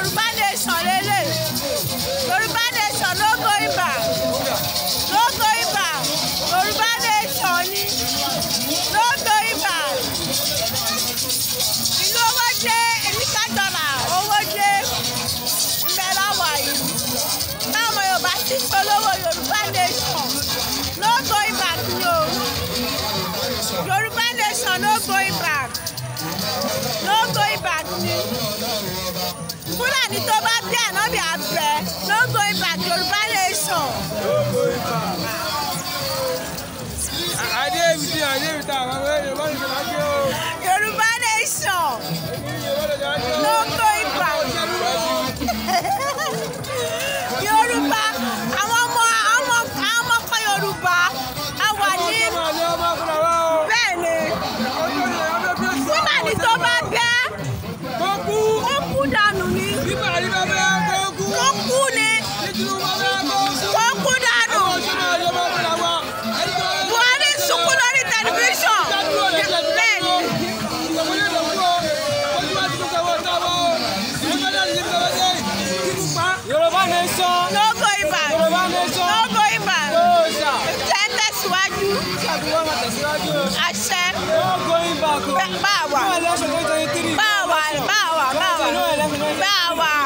Yorùbá nation lélẹ̀ Yorùbá nation no going back no going back Yorùbá nation ni no going back ìlú owó jẹ́ ènìkàjọba owó jẹ́ ìmẹ́lá wàyí táwọn Yorùbá ti polówó. ẹni tó bá bí ànábì àbẹ no going back Yorùbá nation. adéyébìtì adéyébìtì àwọn ọmọ Yorùbá nation lájú o. Yorùbá nation no going back. Yorùbá àwọn ọmọ ọmọ ọmọ ọkọ Yorùbá a wà ní. bẹ́ẹ̀ ni fúlàní tó bá bẹ. No going back. No, sir. Ṣé tẹ̀síwájú? Ṣé àtúwọ́ máa tẹ̀síwájú? Àṣẹ. No going back. Báwa. Báwa. Báwa. Báwa. Báwa.